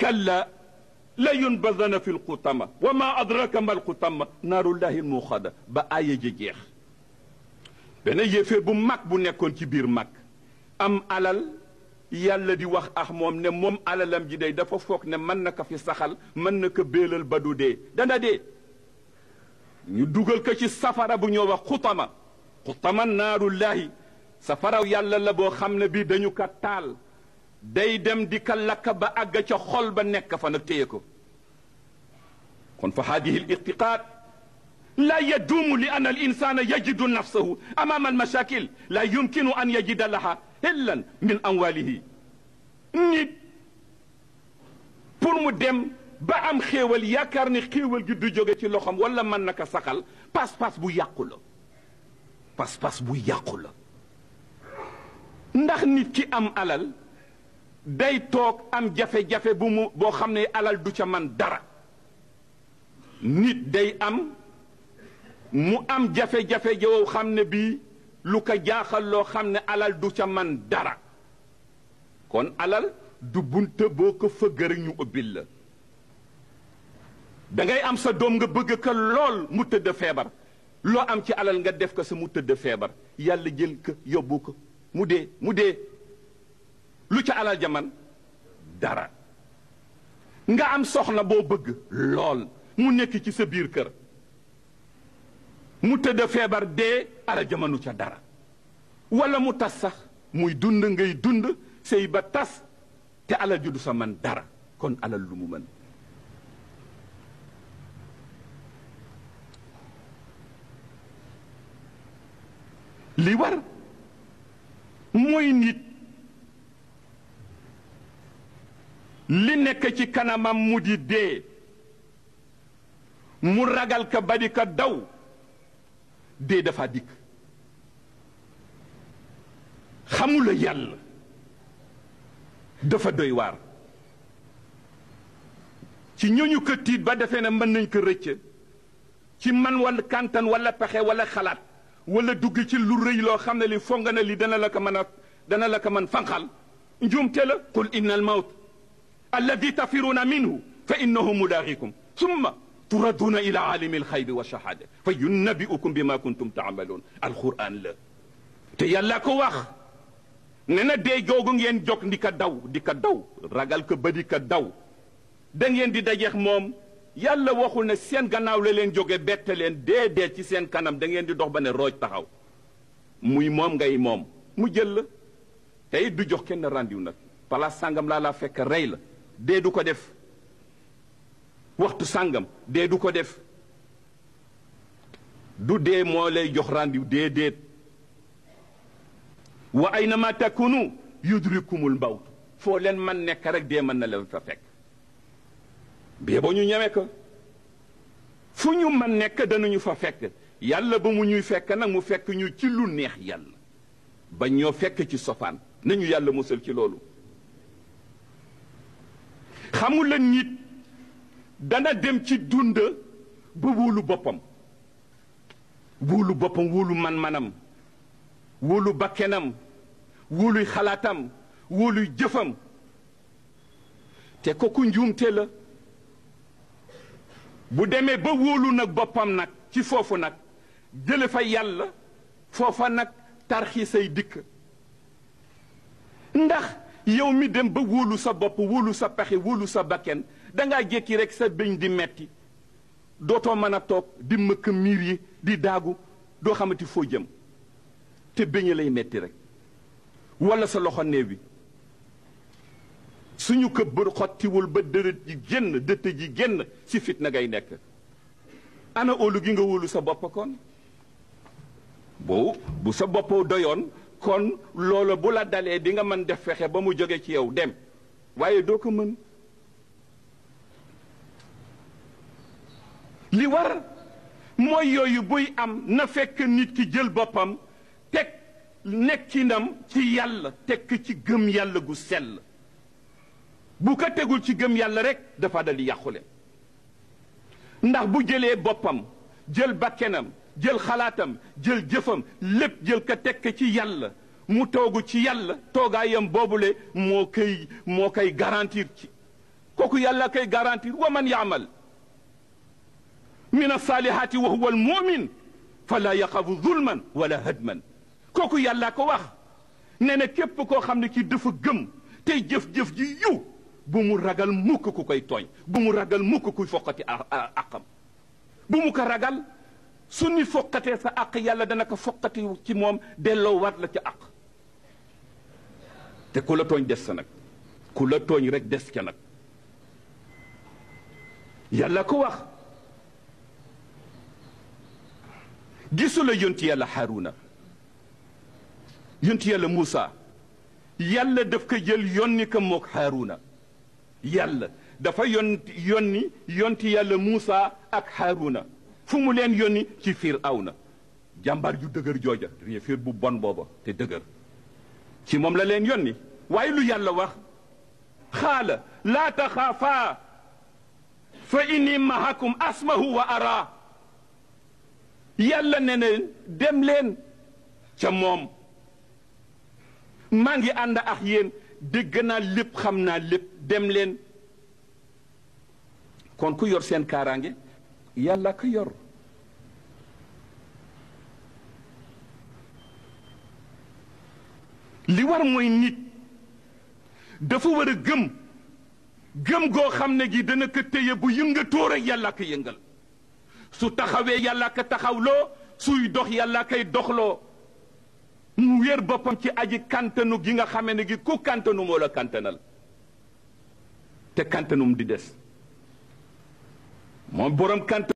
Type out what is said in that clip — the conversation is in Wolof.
كلا لينبذن في القطمة وما أدراك ما القطمة نار الله الموخدة بآية جيخ بنا يفي بو مك بو كبير مك أم ألال يالا دي واخ اخ موم نه موم علالم جي نمانك في سخال منك بيل بيلل دي دا دي ني كشي كا سي سفارا بو نار الله سفارا يالا لا بو خامنا بي دانيو كا day dem di ka lakk ba àgg ca xol ba nekk fa nag téye ko kon fa hadihi al irtiqaad an al insana الإنسان يجد amama al mashakil la يمكن an يجد laha illan min amwalihi nit pour mu dem ba am xéewal yaakaar ni xéewal gi du jóge ci loxam wala mën naka saxal pas-pas bu yàqu la pas-pas bu yàqu la ndax nit ki am alal day toog am jafe-jafe bu mu boo xam ne alal du ca man dara nit day am mu am jafe-jafe yow xam ne bii lu ko jaaxal loo xam ne alal du ca man dara kon alal du bunte boo ko fëgg rek ñu ubbil la da ngay am sa doom nga bëgg ko lool mu tëdd feebar loo am ci alal nga def ko sa mu tëdd feebar yàlla jël ko yóbbu ko mu dee mu dee lu ca alal jaman dara nga am soxna boo bëgg lool mu nekk ci sa biir kër mu tëdd feebar dee alal jamanu ca dara walla mu tas sax muy dund ngay dund sëy ba tas te alal ju du sa man dara kon alal lu mu mën li war mooy nit li nekk ci kanamam mu di dee mu ragal ka ba di ka daw dee dafa dikk xamula yàlla dafa doy waar ci ñooñu ko tiit ba defee na mën nañ ko rëcc ci man wala kàntan wala pexe wala xalaat wala dugg ci lu rëy loo xam ne li foog nga ne li dana la ko mën a dana la ko mën fanqal njuumte la qul inna mawt الذي تفرون منه فإنه ملاغيكم ثم تردون إلى عالم الخيب والشهادة فينبئكم بما كنتم تعملون القرآن لا تيالك وخ نينا دي جوغون ين جوك ديكا داو ديكا داو راغال كو بدي كا داو دين ين دي داجيخ موم يالا واخول نه سين غناو لا لين جوغي بتلين دي دي سي سين كانام دين ين دي دوخ بني روج تاخاو موي موم غاي موم مو جيل دو جوخ كين رانديو نك بلا سانغام لا لا فك ريل dee du ko def waxtu sàngam dee du ko def du dee moo lay jox rendez-vous dee déet wa aynama takunu yudrikumul mawt foo leen man nekk rek dee mën na leen fa fekk bee ba ñu ñeme ko fu ñu man nekk danañu fa fekk yàlla ba mu ñuy fekk nag mu fekk ñu ci lu neex yàlla ba ñoo fekk ci sofaan nañu yàlla musal ci loolu xamula nit dana dem ci dund ba wóolu boppam wóolu boppam wóolu man-manam wóolu bakkenam wóoluy xalaatam wóoluy jëfam te kooku njuumte la bu demee ba wóolu nag boppam nag ci foofu nag jële fa yàlla foofa nag tarxi say dikk ndax yow mi dem ba wóolu sa bopp wóolu sa pexe wóolu sa bakken danga jékki rek sa bëñ di metti dootoo mën a toog di mëkk miir yi di daagu doo xamati foo jëm te bëñ lay metti rek wala sa loxo néew bi suñu këbbër xottiwul ba dërët ji génn dëtt ji génn ci fitna ngay nekk ana óolu gi nga wóolu sa bopp kon boobu bu sa boppoo doyoon kon loolu bu la dalee di nga mën def fexe ba mu jóge ci yow dem waaye doo ko mën li war mooy yooyu buy am na fekk nit ki jël boppam teg nekkinam ci yàlla tekk ci gëm yàlla gu sell bu ko tegul ci gëm yàlla rekk dafa dal yàqule ndax bu jëlee boppam jël bakkenam jël xalaatam jël jëfam lépp jël ko tekk ci yàlla mu toogu ci yàlla toogaayam boobule moo koy moo koy garantir ci kooku yàlla koy garantir wa man yaamal min asalihaati wa huwa almumin fala yaxafu zulman wala hadman kooku yàlla ko wax nee na képp koo xam ne ki dafa gëm tey jëf-jëf ji yiw bu mu ragal mukk ku koy tooñ bu mu ragal mukk kuy foqati àqam bu mu ko ragal su nit sa ak yàlla dana ko foqati ci mom delo wat la ci ak te ko la togn dess nak ku la togn rek dess ci nak yàlla ko wax gisul la yonti yàlla Haruna yonti yàlla musa yàlla daf ko jël yonni ko mok Haruna yàlla dafa yonti yonni yonti yàlla musa ak Haruna fu mu leen yónni ci Firawna jàmbaar ju jojja jooja fir bu bon bobo te dëgër ci mom la len yoni way lu yàlla wax khala la takhafa fa inni mahakum asmahu wa ara yàlla nene dem len ca mom mangi ngi ànd ak yéen dégg naa lépp xamna lépp dem len kon ku yor sen karange yàlla ko yor li war mooy nit dafa war a gëm gëm goo xam ne gi dana ko téye bu yëngatoo rek yàlla ko yëngal su taxawee yàlla ko taxawloo suy dox yàlla koy doxloo mu wér boppam ci aji kantanu gi nga xame ne gi ku kantanu la kantanal te kantanum di des moom borom kantan